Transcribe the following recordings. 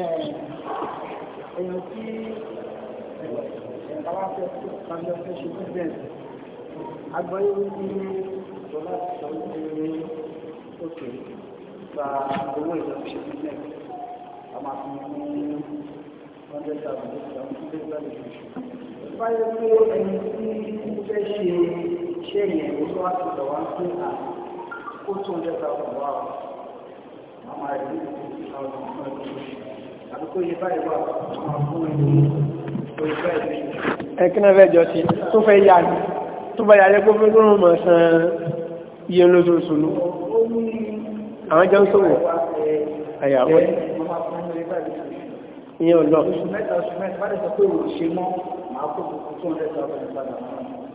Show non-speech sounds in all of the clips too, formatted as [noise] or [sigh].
èèyàn tí ìjọba fẹ́ kọjọ fẹ́ ṣe fún bẹ́ẹ̀ agbọ́yé wípé ìjọba ti sọ òkè gba owó ìjọba ṣe fún bẹ́ẹ̀ a máa fi ní hundred thousand ìjọba fún bẹ́ẹ̀ gbọ́dọ̀ ṣe ṣe. báyọ̀ pé ẹni tí fẹ́ ṣe iṣẹ́ yẹn ló wá ti sọ wá pé à kó two hundred o. Mama, I need to see how to ẹ̀kínà rẹ̀jọ ti tó fẹ́ yà ní tó bá yàrẹ gbogbo gbogbo mọ̀ san iye lóṣooṣù ló àwọn jẹ́ ń sọ́wọ́ àyàwó ìyẹn ọ̀lọ́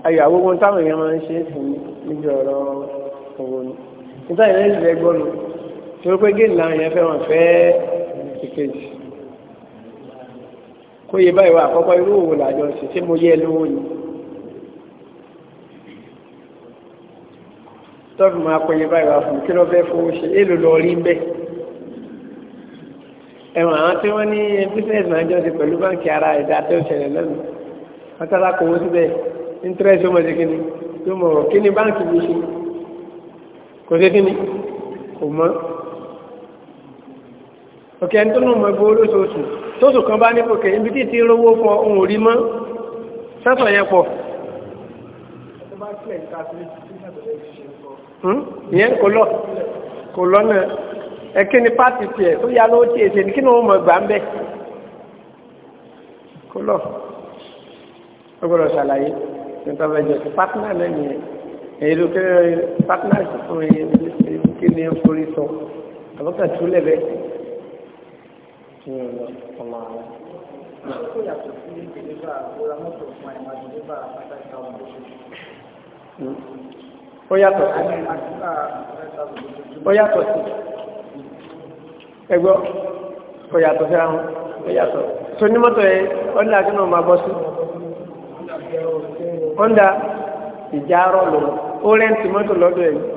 àyàwó wọn táwọn èèyàn máa ń ṣe fún níjọ ọ̀rọ̀ owó ní nítorí ẹ̀rẹ́ ìrẹ́gbọ́nù tí ó pé gẹ́ẹ̀lá èèyàn fẹ́ràn fẹ́ ìkejì kó yẹ báyìí wá àkọ́kọ́ irú òwò làjọ ṣe ṣé mo yẹ lówó ni tọ́ọ̀bù máa pọ̀ yẹ báyìí wá fún kí ló fẹ́ fowó ṣe èlò lọ rí ń bẹ́ ẹ̀wọ̀n àwọn tí wọ́n ní business manager ti pẹ̀lú báńkì ara ẹ̀dá tó ṣẹlẹ̀ lẹ́nu wọ́n kò wọ́n síbẹ̀ interest ó mọ̀ sí kíni tó mọ̀ kí báńkì mi ṣe kò sí kíni kò mọ́ òkè ẹni tó mọ̀ gbowó tóṣù kan bá ní kòkè ibi tí ti rówó fún ohun orí mọ́ sẹ́sọ̀ yẹn pọ̀ hmm? ìyẹn kò lọ kò lọ́nà ẹ̀kí ni pàtì tiẹ̀ tó yá ló tí èsè ní kí ni wọ́n mọ̀ gbà ń bẹ̀ kò lọ ọgbọ́dọ̀ ṣàlàyé ìtọ́fẹ́jọ pátánà lẹ́yìn ẹ̀ èyí ló kéré pátánà fún ẹ̀yẹ kí ni ó forí sọ àbúkà túlẹ̀ bẹ́ẹ̀ sí ọmọ àwọn. Àkókò yàtọ̀ sí dèlébà ọ̀rá mọ́tò fún àìmọ̀ dèlébà pátákì àwọn olóṣèlú. Ó yàtọ̀ sí. Ó yàtọ̀ sí. Ẹgbọ́, ó yàtọ̀ sí àwọn, ó yàtọ̀. So ní mọ́tò yẹn, ọ́ndà kí náà máa bọ́ sí. Ọ́ndà ìjà rọ̀ lọ, ó rẹ́ǹtì mọ́tò lọ́dọ̀ yìí.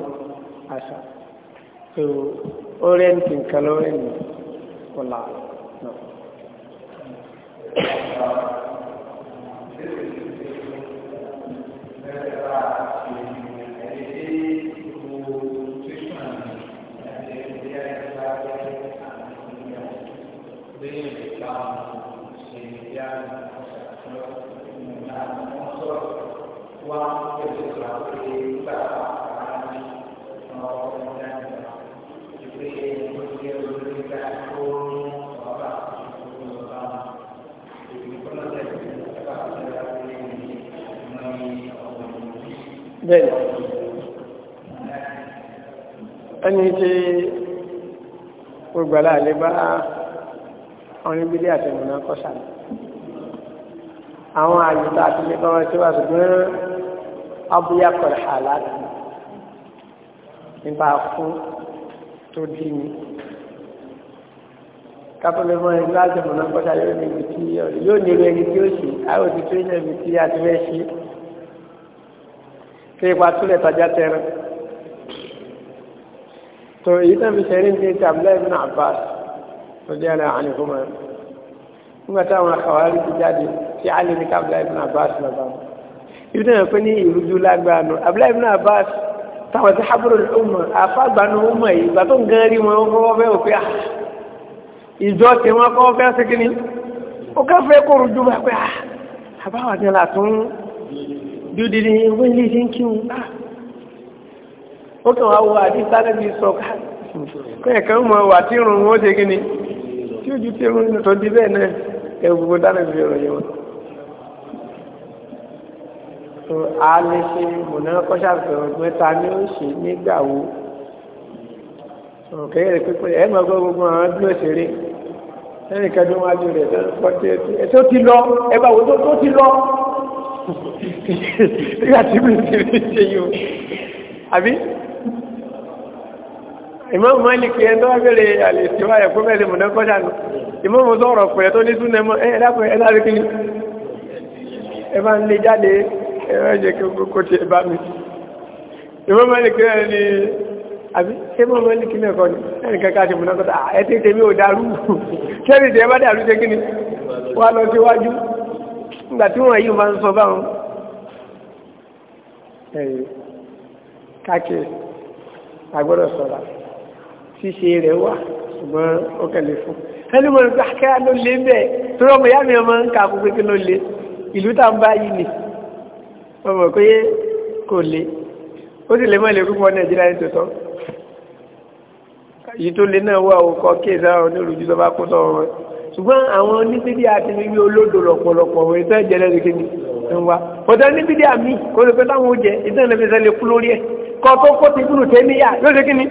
so orienting rẹ́ǹtì nǹkan lọ́wọ́ ẹ̀yìn bẹ́ẹ̀ ẹni tí gbogbo aláàlẹ́ bá ọrin bílé àti ìmọ̀nà kọ́sà àwọn àyíká àti ilé báwọn tí wà ṣùgbọ́n abúyá kọ̀rọ̀ àláàtì nípa fún tó dí ni kápẹ́lẹ́ mọ́ ẹni láti ìmọ̀nà kọ́sà yóò ní ibi tí yóò ní ibi tí ó ṣe tó ipa túlẹ̀ tajà tẹran tó èyí náà fi ṣẹ̀rí ní ti Abdullahi bin Abbas tó jẹ́ ara àníkùmọ̀ nígbà táwọn àkàwárí ti jáde tí Ali ní Abdullahi bin Abbas lọ́ba ibi náà pé ní ìrújú lágbára nù Abdullahi bin Abbas táwọn ti hábúrò ọmọ àfàgbànú ọmọ yìí ìgbà tó ń gan rí wọn kọ́kọ́ fẹ́ òfin à ah, ìjọ tí wọn kọ́kọ́ fẹ́ sí kínní ó kẹ́ kó rújú bá pé ah, à bí ó di ní ewé ilé ṣe ń kírun náà ó kàn wá wo àdísá lẹ́bi sọ kẹ́ẹ̀ kan mọ̀ wà tí irun wọn ṣe kí ni tí ojú tí irun ní tó di bẹ́ẹ̀ náà ẹ̀wù gbogbo dáná fi ọ̀rọ̀ yẹn wọn. a lè ṣe mọ̀nà kọ́ṣàfihàn mẹ́ta ni ó ṣe nígbà wo kẹ́yẹ̀ rẹ̀ pípẹ́ ẹ̀ máa gbọ́ gbogbo àwọn bí ó ṣe rí ẹnìkan wájú rẹ̀ tó ti lọ ẹ tó ti lọ nígbà tí mi ti rí ṣe yìí o àbí ìmọ̀ mọ́ ní kí ẹ tó wá bẹ̀rẹ̀ àlè tí wáyẹ̀ fún bẹ̀rẹ̀ mọ̀nà kọjá nù ìmọ̀ mọ́ sọ̀rọ̀ pẹ̀ tó ní súnà mọ́ ẹ dákun ẹ lárí kí ni ẹ bá ń lé jáde ẹ bá jẹ kí kókó ti ẹ bá mi ìmọ̀ mọ́ ní kí ẹ ní àbí ṣé mọ́ mọ́ ní kí mẹ́kọ́ ni ẹnì kankan ti mọ̀nà kọjá ẹ ti tẹ̀mí ò dàrú kẹ́rì tẹ́ bá dàrú ṣe kí ni wá lọ síwájú nígbà tí wọ́n yìí máa ń sọ báwọn ẹ̀rẹ̀ káàkiri agbọ́dọ̀ sọ̀rọ̀ ṣíṣe rẹ̀ wà ṣùgbọ́n ó kẹ̀lé fún ẹni mọ̀ nípa akẹ́yà ló lé bẹ́ẹ̀ torí ọmọ ìyá mi ọmọ ń ka gbogbo kí ló lé ìlú tá ń bá yìí nì ọmọ pé kò lé ó sì lè mọ́ ilé púpọ̀ nàìjíríà ní tòótọ́ yìí tó lé náà wà ó kọ́ kéèsì àwọn onírúurú tó bá kó tọ̀ wọn ṣùgbọ́n àwọn oníṣẹ́bí àti níbi olódò lọ̀pọ̀lọpọ̀ òun ìtọ́ ìjẹ́lẹ́sì kí ni ń wá ọ̀dọ́ ní bídí àmì olùpẹ́ láwọn oúnjẹ ìdán lẹ́bí ìṣẹ̀lẹ̀ kú lórí ẹ̀ kọ́ tó kó ti gúrù tẹ́míyà yóò ṣe kíni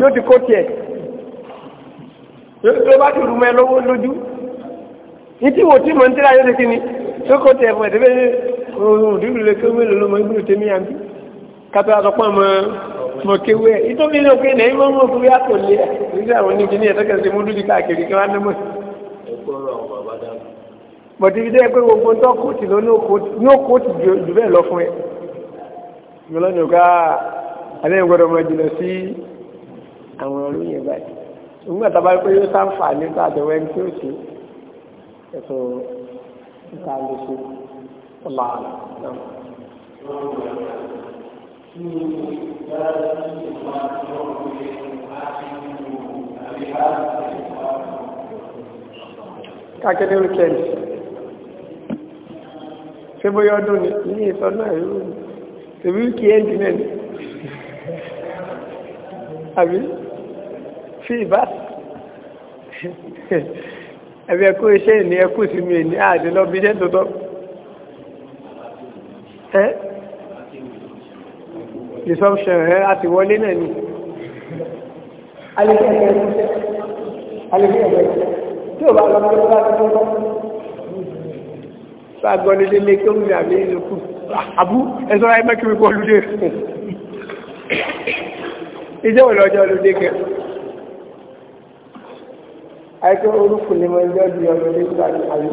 yóò ti kó tiẹ̀ ló bá ti rùmọ́ ẹ lọ́wọ́ lójú ní tí wò tí mọ̀ ń tẹ́lá yóò ṣe kíni yóò kó tiẹ̀ fún ẹ̀ tẹ́lẹ̀ òun ìdílù lè kéwé lọ́mọ gúrù tẹ́míyà bí kátó àtọ́pọ̀ mọ́ mọ̀ kéwé ẹ̀ ìtòmí ló pé nẹ́yìn mọ́ mọ́ fúri àtòlé ẹ̀ bọ̀dé ibi dẹ́ pé gbogbo tó kóòtù lọ ní òkóòtù jù bẹ́ẹ̀ lọ fún ẹ ìgbọ́lọ́ ní ọ̀gá alẹ́ ìgbọ́dọ̀ mọ̀ jùlọ sí àwọn ọ̀rọ̀ yẹn báyìí nígbà tá a bá pé yóò sáǹfà ní tá a dẹ̀wẹ́ ní tí ó ṣe ẹ̀sọ́ níta lè ṣe ọ̀la náà. Kakele weekend ṣé bóyá ọdún ni ní ìsọdún àìrò ni tèmi kì í ẹ́ǹdì náà ni àbí fi ìbá ẹbí ẹkú iṣẹ́ ìní ẹkú sí mi ìní àdé lọ bí iṣẹ́ tuntun ẹ disruption ẹ àti wọlé náà ni alẹ́ ẹ̀kẹ́ ẹ̀kú ẹ̀kẹ́ tí ò bá lọ bí tó sáàgbọ́n nílé lé tó ń rí àmì ìlúkù àbú ẹ̀sọ́ra ẹgbẹ́ kí wípọ́ lúdé ìjẹ́ òlò ọjọ́ lúdé kẹ àìkọ́ orúkù ní mọ ẹjọ́ di ọjọ́ lé gbà ní àyè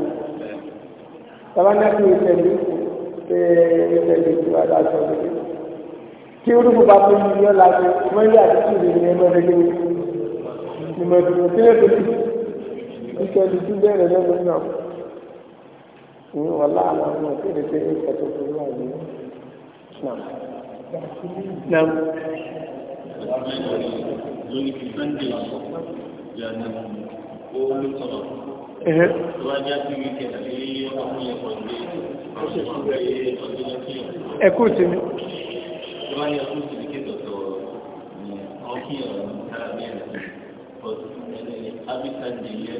tabanaki ìṣẹ̀lú ṣe ìṣẹ̀lú tí wà láti ọjọ́ lé kí orúkù bá fún mi yọ láti mọ́lẹ́ àti kìlì ní ẹgbẹ́ lé ní mọ̀ ìdùnnú kí lè tó ìṣẹ̀lú tí bẹ̀rẹ̀ lẹ́nu náà ìwé wà láàmú àwọn ìkéde pé ẹ̀kọ́ tó fi wà ní nam nam. lórí sunday àkọ́kọ́ yàrá ó ló sọ̀rọ̀ wájà sí wíkẹ̀ àti ọmọ yẹn pọ̀ ní ọdún lọ́kì. ẹ kú sí mi. wájà kú sí mi kéde ọ̀tọ̀ ọkì ọ̀rọ̀ nígbà mẹ́rin but abisa di yẹ.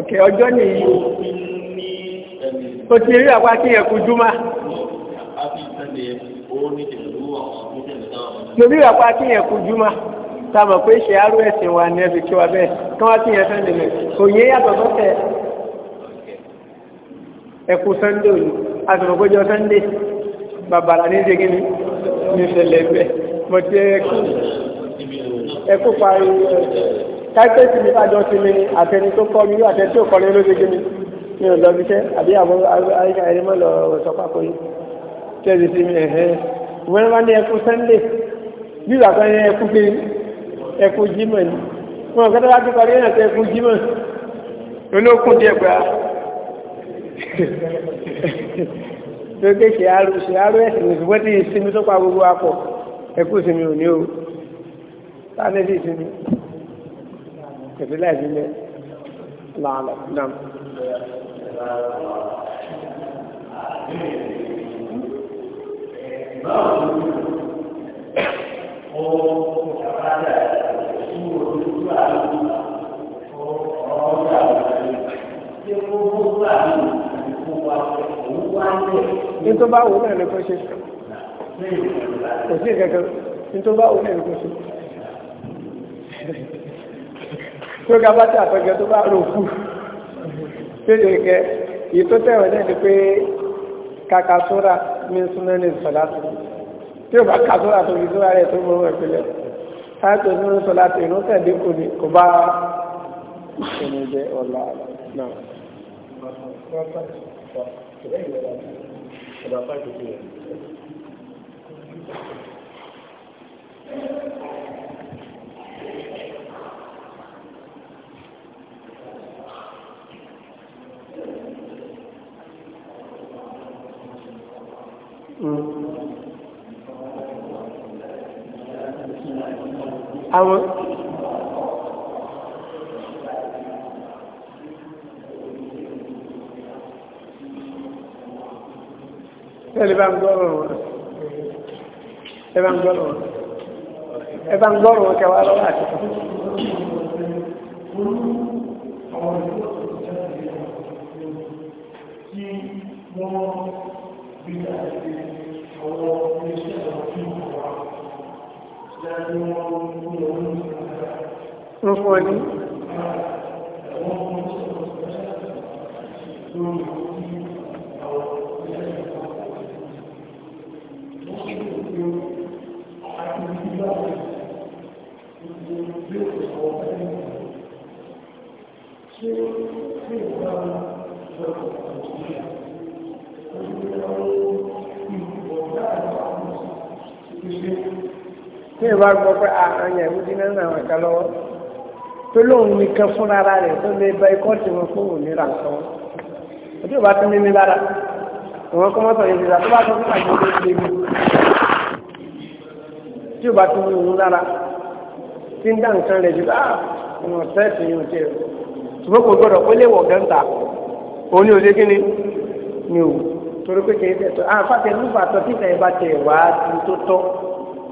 ok ọjọ́ nìyí o ti rí àpá kí yẹn kú júmọ́. lórí àpá kí yẹn kú júmọ́ táwọn pé ṣe arú ẹ̀sìn wa ní ẹbí kí wa bẹ́ẹ̀ kí wọ́n ti yẹn fẹ́ nílẹ̀ kò yẹ yàtọ̀ sọ́tẹ̀ ẹ̀kú sannde òní àtùmọ̀kójọ sannde bàbàrà ní ṣe gíní ní ìṣẹ̀lẹ̀ ẹgbẹ́ mo ti ẹkú ẹkú parí káíkẹ́sì nípa jọ sí mi àtẹni kọ́ mi àtẹni tó kọ́ mi ló ṣe ní ọ̀dọ́ bí iṣẹ́ àbí àwọn àyíká ẹ̀rí mọ́ lọ sọ pápọ̀ yìí tí ẹ ti fi mi ẹ̀hẹ́ wọ́n máa ní ẹkú Sunday bí ìgbà kan ní ẹkú pé ẹkú Jímọ̀ ni wọn kọ́tà láti parí ẹ̀yàn tẹ ẹkú Jímọ̀ olókùn díẹ̀ pé a lókè ṣèárú ṣèárú ẹ̀sìn òṣùpọ̀ tí ìsinmi tó pa gbogbo akọ̀ ẹkú ìsinmi ò ní o sáà ní ìsinmi kẹfìlà ìsinmi ní tó bá wù náà lè kó ṣe kò sí kankan ní tó bá wù náà lè kó ṣe tó ga bá tẹ àtọ́jọ tó bá rò kú lédè kẹ èyí tó tẹ̀wọ̀n náà ni pé kàkà sóra ní súná ní sọ̀lá tó tí o bá kà sóra tó fi sóra rẹ̀ tó mọ̀ ọ́ ìpínlẹ̀ sáàtò ní sọ̀lá tó ìrún tẹ̀lé kò kò bá ìṣẹ̀lẹ̀ jẹ́ ọ̀la náà. àwọn ẹ̀lẹ́ bá ń gbọ́rọ̀ wọn ẹ̀bá kẹwàá lọ́wọ́ àti wọ́n fún ọ ní. Tí ìbá gbọ́ pé ah, àwọn ẹ̀yẹ̀ ìwúdí náà ń ràn wọ́n ká lọ́wọ́ tó lóun nìkan fúnra rẹ̀ tó lè bá ikọ́ tí wọn fún òmìnira kan ojú ìbá tó nílé lára ìwọ̀n kọ́ mọ́tò yìí nígbà tó bá tó fún àjọ tó lé mi tí ò bá tó ní òun lára tí ń dá nǹkan rẹ̀ jù bá ìwọ̀n tẹ́ẹ̀tì yìí ò tẹ̀ ṣùgbọ́n kò gbọ́dọ̀ ó léwọ̀ gẹ́ǹtà òun ní òde kíni ni ò torí pé kìí tẹ̀tọ̀ àfàtẹ̀ ah, nígbà tó títà ẹ̀ bá tẹ̀ wá tó tọ́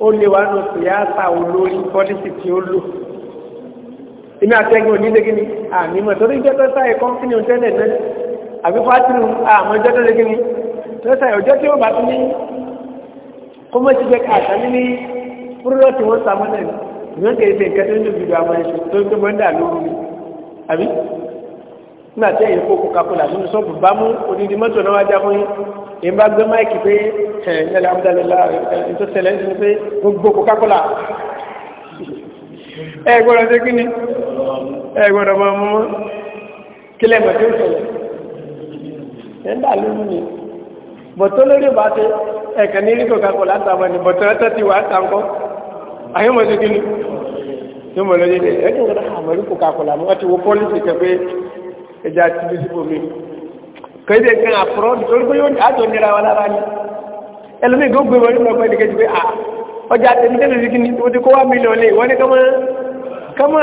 ó lé wa nù síyáàsà olórí pọ́lísì èmi àtẹ́gùn òní lé kíni àmìmọ̀ torí jẹ́tọ́ sáyẹ kọ́mpínì òtẹ́lẹ̀ náà àbí fátìrù àmọ́ jẹ́tọ́ lé kíni tó sáyẹ ọjọ́ tí ó bá tún ní kọ́mọ́sí jẹ́ káàkà ní ní púrọ́tì wọn sàmọ́ náà ìwọ́n kẹ́ ṣe nǹkan tó ń dùbìdù àwọn ẹ̀ṣẹ̀ tó ń tó mọ́ndà lóru àbí nígbà tí ẹ̀yìn kó Coca-Cola nínú sọ́ọ̀bù bá mú kí ni ẹgbọ́dọ̀ máa mú mọ́ kí lẹ́gbọ̀n tí ó sọ̀rọ̀ ẹ̀ ń dà lórí mi bọ̀tọ́ lórí bá ti ẹ̀kẹ́ ní rí kòkàkọ̀ látàwọn ẹni bọ̀tọ́ ẹ̀ tẹ́tí wà á ta ńkọ́ àyọ̀mọ̀ sí kíni tó mọ̀ lórí rẹ̀ ẹ̀kẹ́ ìgbọ́dọ̀ àmọ́ rí kòkàkọ̀ làmú ọtí wo pọ́lísì kẹfẹ́ ẹja ti bí síbò mi kéde kan àfúrọ́ nítorí pé yóò àjọ nira wa lára ni ẹlòmíì gbogbo ìwọ nínú ọgbẹ́ ìdíkejì pé ọjà tẹ̀mí tẹ̀mí sí kíni ó ti kó wá mílíọ̀nù ìwọ ní kọ́mọ́ kọ́mọ́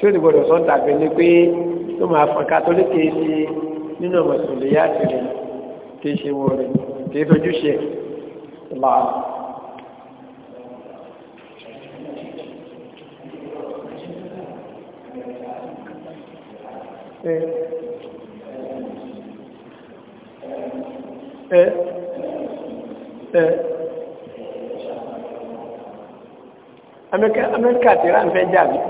tí ó ti gbọdọ̀ sọ dàgbẹ́ ni pé tó máa fọn kátólíkì ṣe nínú mùsùlùmí yáàtì rẹ̀ kì í ṣe wọ̀ rẹ̀ kì í fojú ṣe láàrín. ẹ ẹ ẹ amẹ́ríkà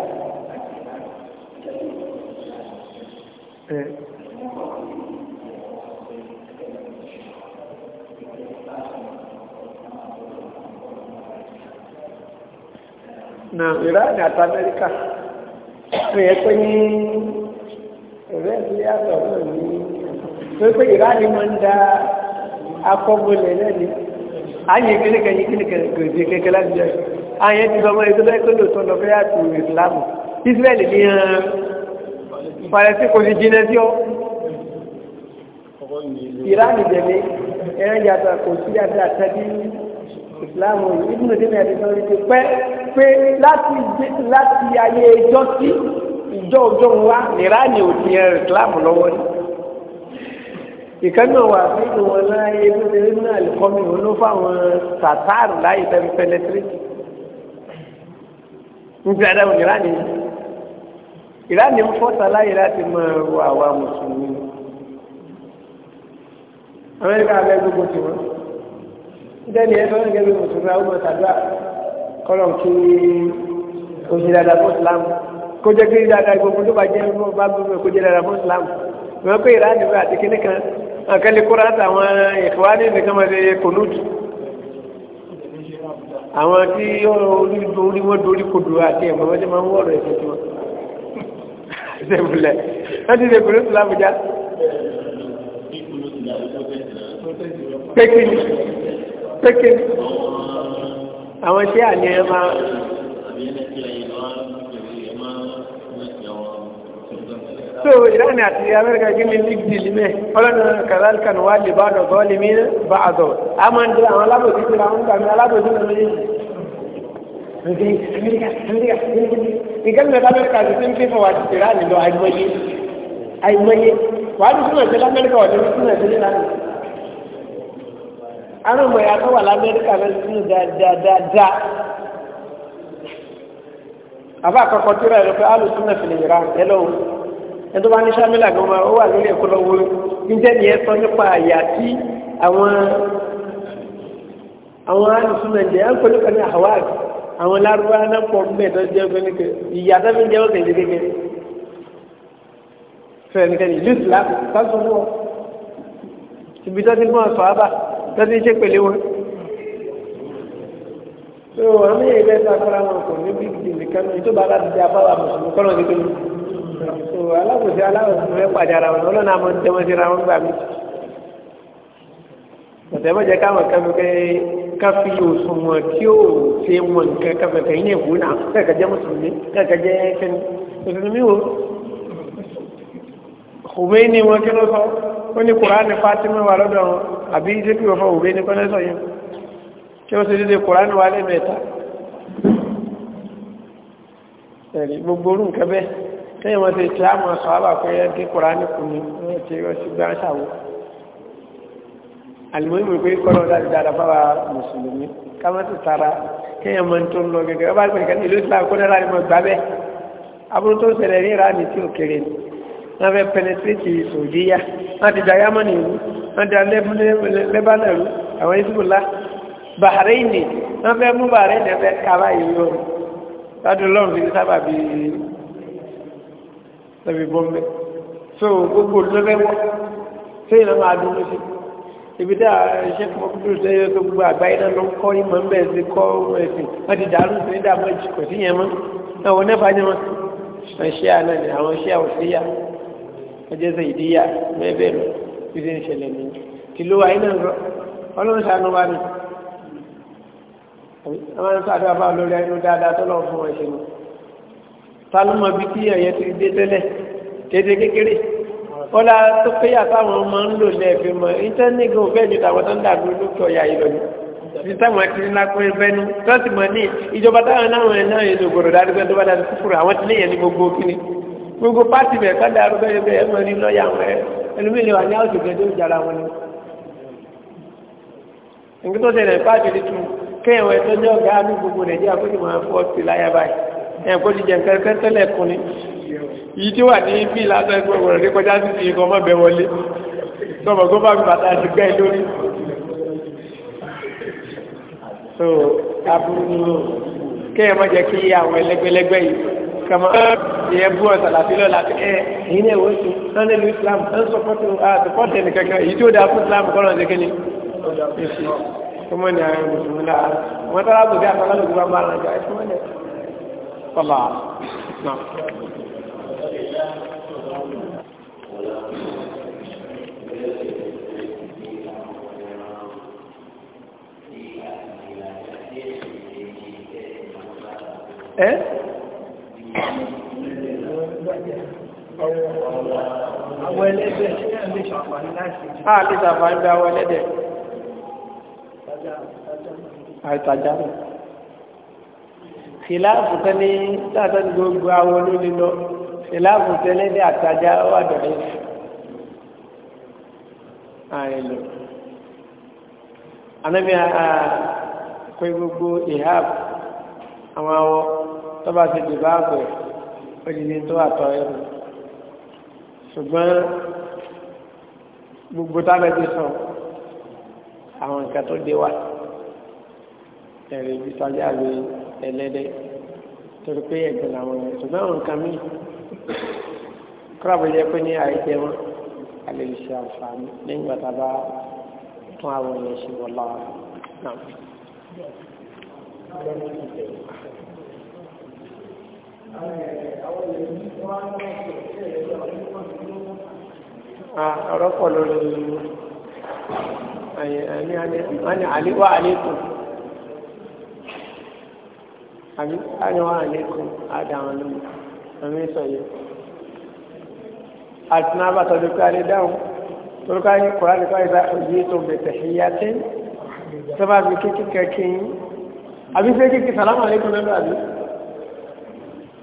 na Iran àti Amẹ́ríkà wọ́n yẹ pé ní ẹ̀rẹ́ ìlú yàtọ̀ náà ní wọ́n pé Iran máa ń da akọ́gbọ́lẹ̀ náà ní ayé kíníkà yìí kíníkà gòdì kékeré láti jẹ́ ayé ti sọmọ ètò lẹ́kọ́ lòótọ́ lọ fẹ́ àtò ìsìlámù Israẹli ní eh, Palẹ́sì kò sí jìnnà sí ọ Iran ìdẹ̀lẹ́ ẹ̀rọ yàtọ̀ kò sí yàtọ̀ àtẹ́bí ìsìláàmù ìbùnú dínà ẹ̀dínlọ́ rí ti pẹ́ pé láti ayé ìjọ sí ìjọ òjò ń wá nira ni ò ti ẹ̀rọ ìsìláàmù lọ́wọ́ ni. ìkànnì wà nínú wọn láàyè lóṣèlú náà lè kọ́ mi wọn ló fáwọn tàtàrù láyé fẹ́ẹ́ fẹ́ lẹ́tíríkì. ń fi adáwọn nira ni ìran ni ń fọ́ta láyé láti máa ro àwa mùsùlùmí. amẹ́ríkà abẹ́ gbogbo tiwọn dẹ́ni ẹ fẹ́ràn gẹ́gẹ́ bí mùsùlùmí àwọn ọ̀sàdúrà kọ́lọ̀n kí o ṣe dáadáa fún islam kó jẹ́ kí dáadáa gbogbo tó bá jẹ́ fún bá gbogbo kó jẹ́ dáadáa fún islam wọ́n pé ìlànà ìwé àti kíní kan àkẹ́lẹ́ kóra àtàwọn ìfọwádìí nìkan máa ṣe kònúùtù àwọn tí orí wọn dorí kodò àti ẹ̀mọ́ wọ́n ti máa ń wọ̀rọ̀ ẹ̀sìn tí wọ́n [laughs] ṣẹ̀bùlẹ̀ wọ́n ti ṣe kònúùtù lábújá pé kí ni pékin àwọn tí àní ẹ máa. so iran àti amẹ́ríkà gíní big deal mẹ́ ọlọ́nà kàzálìkà ni wà lè bá dọ̀ bọ́ọ̀lì mi bá a dọ̀ a máa ń dira àwọn alábòsí ti ra àwọn gbàgbé alábòsí náà méjì. amẹ́ríkà amẹ́ríkà ìgbàlódé amẹ́ríkà ti ti ń pè fún wa ti tẹ̀lé àlè lọ àìmọye àìmọye wàá dùn sínú ẹ̀sẹ̀ lamẹ́ríkà wà lórí sínú ẹ̀sẹ̀ lẹ́la nìyí àwọn ọmọ ìyá kan wà lamẹ́ríkà náà ti nù dáadáa àbá àkọ́kọ́ tó rẹ̀ lọ́pẹ́ alùsùn náà fìlè yìrá ẹlọ́wọ́ ẹ̀dọ́ bá ní sàmìlà gbọ́mọ ó wà lórí ẹ̀kọ́ lọ́wọ́ níjẹ́ ni ẹ sọ nípa àyà tí àwọn àwọn alùsùn náà jẹ́ ẹ̀kọ́ nípa ní àwáàd àwọn lárúbá náà pọ̀ mẹ́ẹ̀dọ́ jẹ́ gbẹ́nìkẹ́ ìyá dábí jẹ́ ọ̀sẹ̀ ìdí kékeré fẹ́ẹ̀nìkẹ́ ìlú ìsìlá sásùnwó ibi tó ti gbọ́n sọ lọ́dún iṣẹ́ pẹ̀lẹ́ wọn. tó àmì ìrẹ́ sàkóra wọn kò ní bí gidi nìkan ní tó bá bá dìde afárá mùsùlùmí kọ́nà ní kéwì. tó aláwòsí aláwòsí rẹ̀ pàdé ara wọn ọlọ́nà àmọ́ tẹ́wọ́n síra wọn gbà mí. ọ̀tẹ̀ mọ́jẹ káwọn kẹfẹ́ kẹ́ káfí òṣùwọ̀n tí ó ṣe wọn nǹkan kẹfẹ́ kẹ́yìn èkó náà kẹ́kẹ́ jẹ́ mùsùlùmí kẹ́kẹ́ jẹ́ kẹ́ni mùsùlùmí wo Khomeini wọn kí ló sọ ó ní Kùránì Fátímà wà lọ́dọ̀ wọn àbí jẹ́ bí ọ̀fọ́ òwe ní kọ́nẹ́sọ̀ yẹn kí ó sì dédé kòránù wà lé mẹ́ta ẹ̀rí gbogbo orú nǹkan bẹ́ẹ̀ kẹ́yìn wọ́n ti tí a máa sọ àbà pé ẹ gé kòránù kù ní wọ́n ti rọ́ sí gbá ṣàwọ́ àlùmọ́ìmù pé kọ́lọ́ dájú dáadáa fáwa mùsùlùmí ká má ti tara kẹ́yìn máa ń tó ń lọ gẹ́gẹ́ ọba àgbẹ̀ nìkan ìlú wọ́n da lẹ́bánàrú àwọn ìsìnkúlá bàárẹ́ìnì wọ́n fẹ́ mú bàárẹ́ìnì ẹ̀fẹ́ kàwá yìí o ládùn lọ́rùn fi sábà bí lọ́bi bọ́m̀bẹ́ so gbogbo lọ́lẹ́wọ́ sẹ́yìn náà máa dúró sí ibi tí iṣẹ́ kan kúrò sẹ́yìn tó gbogbo àgbáyé náà ló ń kọ́ ìmọ̀ ń bẹ̀rẹ̀ sí kọ́ ẹ̀sìn wọ́n ti dàrú sí ní dààmú ẹ̀jì kò sí yẹn mọ́ náà wọ́n nẹ́fà ni wọ́n ṣe àná ni àwọn ṣe àwòṣe yá ọjọ́ sẹ́yìn díyà mẹ́bẹ̀ẹ́ lọ tí fi ń ṣẹlẹ̀ ní tìlú wa iná ńlọ ọlọ́run ṣàánú wa ni àwọn ẹni sáré àbá lórí ẹnu dáadáa tó lọ́wọ́ fún ẹ̀ṣẹ̀ ni tálùmọ̀ bí tí ẹ̀yẹ ti dé tẹ́lẹ̀ kéde kékeré kọ́lá tó péyà táwọn ọmọ ń lò lẹ́ẹ̀fẹ́ mọ́ íńtánẹ́ẹ̀tì ò fẹ́ẹ̀ ju tàwọn tó ń dàgbé lókè ọ̀yà yìí lọ ni ti táwọn akiri ńlá pé bẹnu tọ́sí mọ́ ní ìjọba táwọn náà ẹ̀ náà yẹ lògbòrò dáadé dáadé gbogbo pati bẹ kada arúgbó yẹ bẹ ẹmọ ní lọ́ọ̀yà wọn ẹ ẹlòmíì lè wà ní àwùjọ gẹdẹ ó jara wọn ni nígbà tó ṣẹlẹ̀ pati lè tu kéèyàn wọn ẹtọ́jú ọ̀gá ní gbogbo nàìjíríà kó sì máa fọ́ sí láyà báyìí ẹ̀ kó ti jẹ nǹkan kẹ́tẹ́lẹ̀ kún ni yìí tí wà ní bí lásán ẹgbẹ́ wọn rí kọjá sí ti ikọ̀ mọ́bẹ wọlé tọmọ kó bá mi bàtà ti gbẹ́ lórí. so aburú jẹ́ kí àwọn ẹlẹ́gbẹ́lẹ́gbẹ́ yìí kàmá ìyẹn bú ọ̀sán láti lọ́la ẹ èyí náà wọ́n ti lọ́nà ìlú islam ẹ̀ ń sọpọ́tù àtúpọ̀tù ah, ẹnìkankan èyí tí ó dáa fún islam kọ́ lọ́nà ìdẹ́kẹ́ni kọ́mọ́ni àwọn mùsùlùmí náà wọ́n tọ́lá gbòdì àtọ́lá gbòdì bá bá ara jà ẹ̀ kọ́mọ́ni kọ́lá náà. Eh? Àwọn ẹlẹ́dẹ̀ ṣe náà lè ṣàǹfààní láìsí. A lè ṣàǹfààní bí àwọn ẹlẹ́dẹ̀. Àìtàjá. Kìláàfù tẹ́lẹ̀ tààtà ní gbogbo àwọn olóòlì lọ. Kìláàfù tẹ́lẹ̀ ní àtàjá wà dọ̀rẹ́. Àìlò. Anábì pé gbogbo ìhàb àwọn awọ tó bá ti dìbò àgbẹ̀ òdìdí tó àtọ̀ ẹ̀rù ṣùgbọ́n gbogbo tábẹ́ ti sọ àwọn nǹkan tó dé wa ẹ̀rẹ̀ ibi tọ́jà lè ẹlẹ́dẹ́ torí pé ẹ̀gbẹ́ làwọn ẹ̀rẹ̀ ṣùgbọ́n àwọn nǹkan míì kúrọ̀bù yẹ pé ní àìjẹ wọn a lè ṣe àǹfààní lẹ́yìn bàtà bá tún àwọn ẹ̀rẹ̀ ṣe wọ́n lọ́wọ́ náà. Ah, ọ̀rọ̀ pọ̀ lórí ẹni àlewà àlékún àbí àlewà àlékún àdáwọn lórí ẹ̀mí sọ̀yẹ́ àti náà bàtọ̀ lókè àlédáhùn torí ká ní kùránì kọ́ ìdá òjì tó bẹ̀tẹ̀ ìyàtí tó bá fi kékeré kí yín àbí fẹ́ kékeré sàlámù àlékún lọ́dọ̀ àbí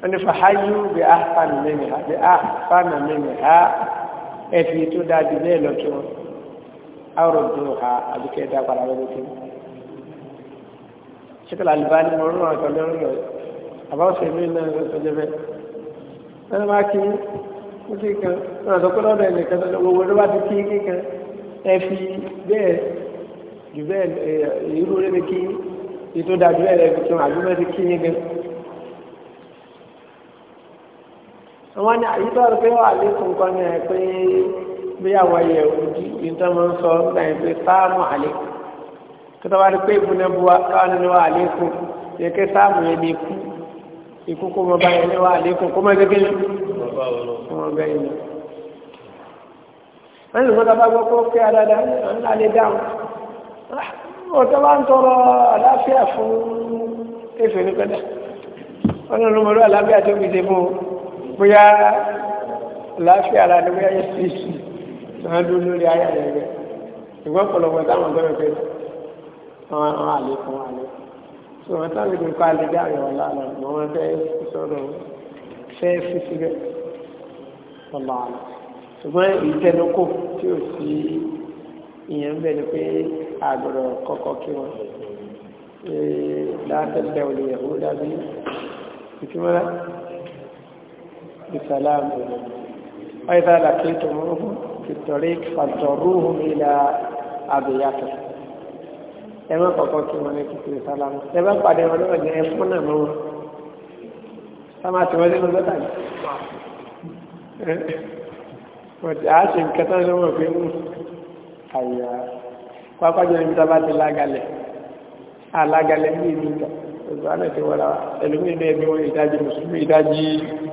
ẹni fàáyú bí áfàánù mẹ́rin ha bí áfàánù mẹ́rin ha ẹ̀fì tó dájú bẹ́ẹ̀ lọ́tọ́ àròdùn ha àbíkẹ́ dá padà lọ́wọ́ tó ṣíkàlà àlùbá ni mo rún ọ̀tọ̀ lọ́rùn lọ àbáwọ̀sẹ̀ mi náà ló tọ́jú bẹ́ẹ̀ ẹni máa kí ó sì kan wọn àtọ́kọ́ lọ́dọ̀ ẹ̀mí kan tó gbogbo ló bá ti kí kíkan ẹ̀fì bẹ́ẹ̀ jù bẹ́ẹ̀ irú rẹ̀ kí ètò dájú bẹ́ẹ̀ rẹ̀ fi kí wọn àdúgbò ti kí yín gan wọ́n ní àyíká rẹ̀ pé wà lẹ́kùn kan ní ẹ̀ pé bí àwọn ẹ̀yẹ̀ òjì ìtọ́ máa ń sọ nígbà pé sáàmù àlékún tó rí pé ìbùnẹ́bù káwọn ní wà lẹ́kùn yẹ kí sáàmù yẹn ní ikú ikú kó mọ báyìí ní wà lẹ́kùn kó mọ gẹ́gẹ́ ní kó mọ bẹ́yìn ní. wọ́n ní ìfọ́nà bá gbọ́ pé ó kẹ́ àdáda ń lálé dáhùn ọ̀tọ́ ah, bá ń tọrọ àláfíà fún wọ́n ní bóyá láàfin ara ni bóyá yẹn ti sì náà dúró lórí ayé rẹ̀ rẹ̀ ìgbọ́n ọ̀pọ̀lọpọ̀ táwọn ọ̀dọ́ rẹ̀ pé àwọn àwọn àlékún àlékún tí wọ́n táwọn ìdùn kọ́ àlejò àrẹ̀ wọn lánàá mọ́ wọn fẹ́ sọ̀rọ̀ fẹ́ fi síbẹ̀ ọ̀la àlọ́ ṣùgbọ́n ìtẹnukò tí ò sí ìyẹn ń bẹ̀ ni pé àgbọ̀rọ̀ kọ́kọ́ kí wọn látẹ̀lẹ́ olè yẹ̀wò dábí ìtumọ̀lá بسلام وإذا لقيتموهم في الطريق فاضطروهم إلى أبياتهم ẹ má kọ́kọ́ kí wọn ní kíkiri sálámù ẹ bá pàdé wọn náà ní ẹfún náà mọ wọn sáma tí wọn nínú gbọ́dọ̀ yìí wọn ti àáṣe nǹkan tó ń lọ wọn pé ń àyà pápájọ ní bíta ti lágalẹ̀ alágalẹ̀ ní ìlú ìta òṣùwà náà ti wọra ẹlòmíín náà ẹbí wọn ìdájí mùsùlùmí ìdájí.